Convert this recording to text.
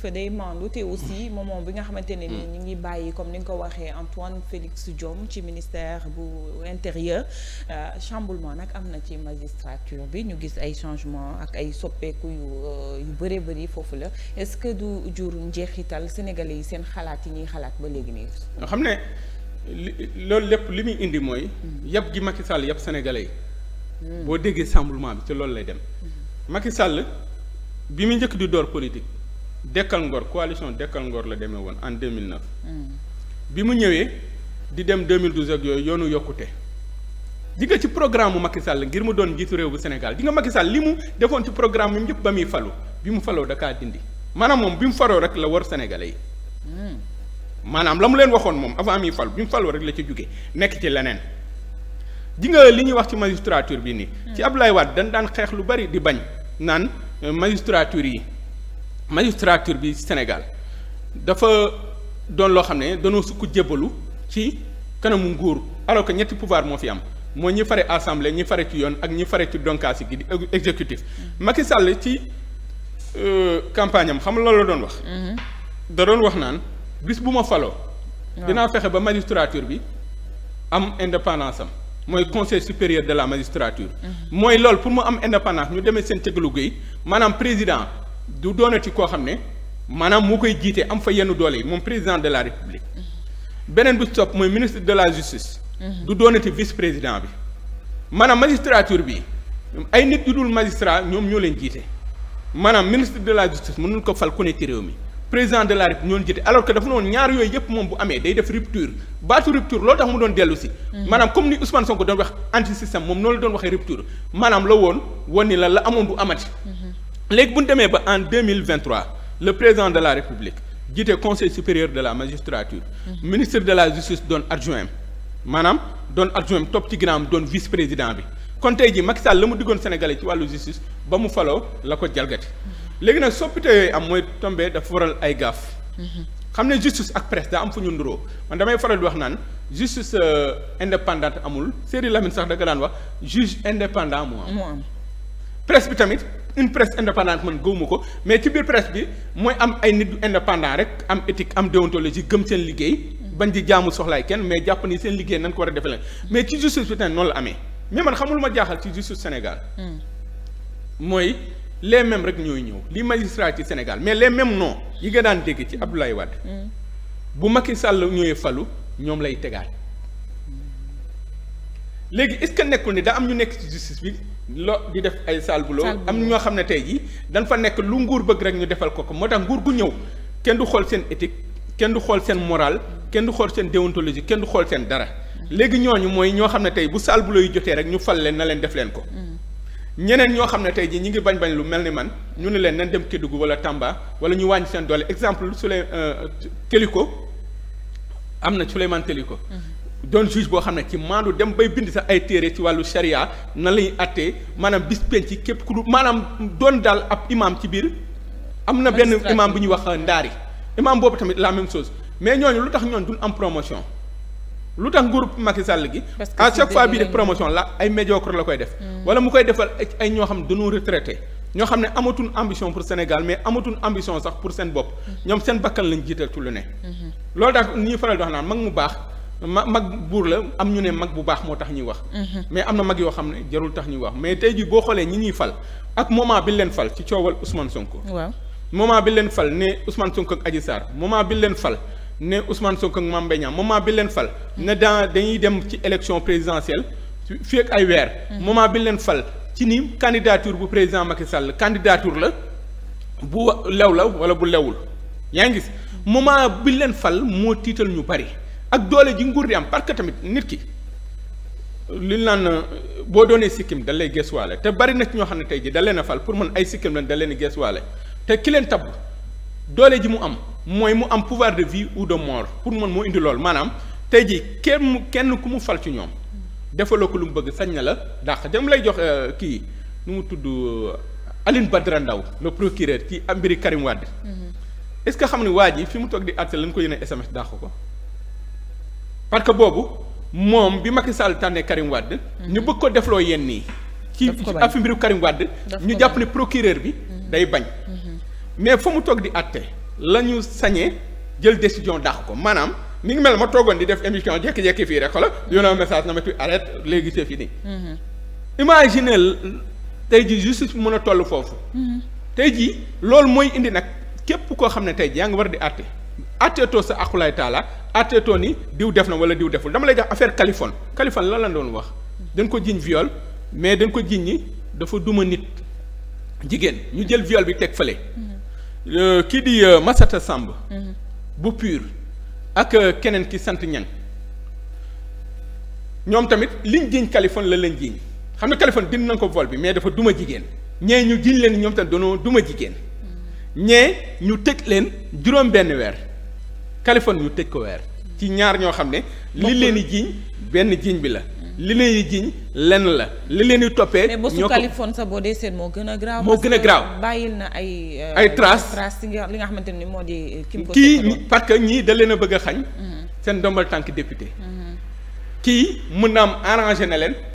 fa day mandu te aussi moment bi nga xamante ne ni ñu ngi bàyyi comme ni nga ko waxee Antoine Félix Diome ci ministère bu intérieur euh, chamboulement nag am na ci magistrature bi ñu gis ay changement ak ay soppeeku yu euh, yu bëree bëri foofu la est-ce que du jur njeexital sénégalais yi seen xalaat yi ñuy xalaat ba léegi nii. nga xam ne li loolu lépp li muy indi mooy. yàpp gi Macky Sall yàpp sénégalais yi. Hmm. boo déggee chamboulement bi ci loolu lay dem. Hmm. Macky Sall bi mu njëkk di door politique. dekkal ngor coalition dekkal ngor la demee woon en 2009. Hmm. bi mu ñëwee di dem 2012 ak yooyu yoonu yokkute. di ci programme mu Macky Sall ngir mu doon jiitu réew bu Sénégal di nga Macky Sall li mu defoon ci programme bi yëpp ba muy falu bi mu faloo da kaa dindi maanaam moom bi mu faroo rek la war Sénégalais yi. Hmm. maanaam la mu leen waxoon moom avant muy falu bi mu faloo rek la ci jóge nekk ci leneen. di nga li ñuy wax ci magistrature bi nii. Hmm. ci Abdoulaye Wade dañ daan xeex lu bari di bañ naan euh, magistrature yi. magistrature bi Sénégal dafa doon loo xam ne danoo sukk jébbalu ci kanamu nguur alors que ñetti pouvoir moo fi am mooy ñi fare assemblée ñi fare ci yoon ak ñi fare ci donkaasi gi di exécutif mm-hmm. Macky Sall ci euh, campagne am xam nga loolu la doon wax mm-hmm. da doon wax naan bis bu ma faloo dinaa fexe ba magistrature bi am indépendance am mooy conseil supérieur de la magistrature mm-hmm. mooy loolu pour mu am indépendance ñu demee seen cëgalu géey maanaam président du doonati koo xam ne maanaam moo koy jiite am fa yenn doole yi moom président de la république mm-hmm. beneen bu topp mooy ministre de la justice. Mm-hmm. du doonati vice président bi maanaam magistrature bi ay nit du dul magistrat ñoom ñoo leen jiite maanaam ministre de la justice mënul ko fal ku ne ci réew mi président de la république ñoo jiite alors que dafa noonu ñaar yooyu yëpp moom bu amee day def rupture baatu rupture loolu tax mu doon dellu si. Mm-hmm. maanaam comme ni Ousmane Sonko doon wax moom noonu la doon waxee rupture la woon woon ni la la amoon amati. léegi bu ñu demee ba en deux mille vingt le président de la république jiite conseil supérieur de la magistrature. Mmh. ministre de la justice doon adjoint maanaam don adjoint topp ci ginnaawam doon vice président bi kon tey jii Macky Sall la mu diggoon Sénégalais ci wàllu justice ba mu falo la ko jalgati. Mmh. léegi nag soppite yooyu am mooy tombé dafa waral ay gaaf. Mmh. xam ne justice ak presse daa am fu ñu nduroo man damay faral di wax naan justice euh, indépendante amul Serigne Lamine sax da nga daan wax juge indépendant moo am. presse bi tamit. une presse indépendante man gëwuma ko mais ci biir presse bi mooy am ay nit indépendant rek am éthique am déontologie gëm seen liggéey bañ di jaamu soxlaay kenn mais jàpp ni seen liggéey nañ ko war a defe leen mais ci justice bi tamit noonu la amee mais man xamul ma jaaxal ci justice Sénégal hmm. mooy les mêmes rek ñooy ñëw li magistrat ci Sénégal mais les mêmes noo yi nga daan dégg ci Abdoulaye Wade hmm. bu Macky Sall ñëwee falu ñoom lay tegaat léegi est-ce que nekkul ni da am ñu nekk ci justice bi lo di def ay salbuloo am ñoo xam ne tey jii dañ fa nekk lu nguur bëgg rek ñu defal ko ko moo tax nguur gu ñëw kenn du xool seen éthique kenn du xool seen moral kenn du xool seen déontologie kenn du xool seen dara léegi ñu mooy ñoo xam ne tey bu salbuloo yi jotee rek ñu fal leen na leen def leen ko mm. ñeneen ñoo xam ne tey jii ñi ngi bañ bañ lu mel ni man ñu ne leen nañ dem Kédougou wala Tamba wala ñu wàññi seen doole exemple su leen euh, Téliko am na Souleymane Téliko mm-hmm. doon juge boo xam ne ci maandu dem bay bind sax ay téere ci wàllu sharia na lañuy attee maanaam bis penc ci képp ku maanaam doon daal ab imam ci biir am na benn imam bu ñuy wax euh, ndaari imam boobu tamit la même sos mais ñooñu lu tax ñooñu duñ am promotion lu tax nguuru Macky Sall gi à chaque fois bii def promotion la ay médiocre la koy def hmm. wala mu koy defal ay ñoo xam ne dañoo retraité ñoo xam ne amatuñ ambition pour Sénégal mais amatuñ ambition sax pour seen bopp hmm. ñoom seen bakkan lañ jiital ci lu ne hmm. loolu mu baax ma mag buur la am ñu ne mag bu baax moo tax ñuy wax. Mhm. mais am na mag yoo xam ne jarul tax ñuy wax mais tey jii boo xoolee ñi ñuy fal ak moment bi leen fal ci coowal Ousmane Sonko. waaw bi leen fal ne Ousmane sonk ak Adji Sarr moment bi leen fal ne Ousmane Sonko ak Mame Mbaye moment bi leen fal. Mhm. ne dans dañuy dem ci élection présidentielle fii ak ay weer. Mhm. moment bi leen fal ci ni candidature bu président Macky Sall candidature la bu lew la wala bu lewul yaa ngi gis moment bi leen fal moo tiital ñu bari. ak doole ji nguur di am parce que tamit nit ki li naan boo doonee sikkim da lay geesuwaale te bari na ci ñoo xam ne tey ji da leen a fal pour man ay sikkim lan da leen geesuwaale te ki leen tabb doole ji mu am mooy mu am pouvoir de vie ou de mort pour man moo indi lool maanaam tey ji kenn mu kenn ku mu fal ci ñoom defaloo ko lu mu bëgg sañ na la dàq dem lay jox euh, kii nu mu tudd euh, Aline Badara Ndaw le procureur ci mbiri Karim Wade mm-hmm. est-ce que xam ne waa ji fi mu toog di àtte lañ ko yéene SMS dàq ko parce que boobu moom bi Macky Sall tànnee Karim Wade. Mhm. ñu bëgg ko defloo yenn yi. ci affaire mbiru Karim Wade. ñu jàpp ne procureur bi. Mhm. day bañ. Mhm. mais fa mu toog di àtte la ñu sañee jël décision dàq ko maanaam mi ngi mel ma toogoon di def émission jékki-jékki fii rek xoolal yónnee message na ma fi arrête léegi c'est fini. imaginez tey ji justice bi mën a toll foofu. tey jii loolu mooy indi nag képp koo xam ne tey jii yaa ngi war di àtte. atteetoo sa aqulaay taala atteetoo ni diw def na wala diw deful dama lay jox affaire Kaliphone Kaliphone la la doon wax dañ ko jiñ viole mais dañ ko jiñ ni dafa duma nit jigéen ñu jël viol bi teg fële euh, kii di euh, Massata Samb mhm. ak euh, keneen ki sant ñan ñoom tamit liñ jiñ Kaliphone la leen jiñ xam ne Kaliphone din na ko vol bi mais dafa duma jigéen ñee ñu jiñ leen ñoom tamit danoo duma jigéen mhm. ñee ñu tëj leen juróom benn weer Kaliphone yu teg ko weer ci ñaar ñoo xam ne li leen di jiiñ benn jiiñ bi la li leen di jiiñ lenn la li leen di toppee mais bosu Kaliphone sa boo dee seen moo gën a graaw moo gën a graaw bàyyil na ay euh, ay trace trace li nga xamante ni moo di euh, kii parce que ñii da leen a bëgg xañ mm-hmm. seen ndombal tànk député mm-hmm. kii mën am arrangé na leen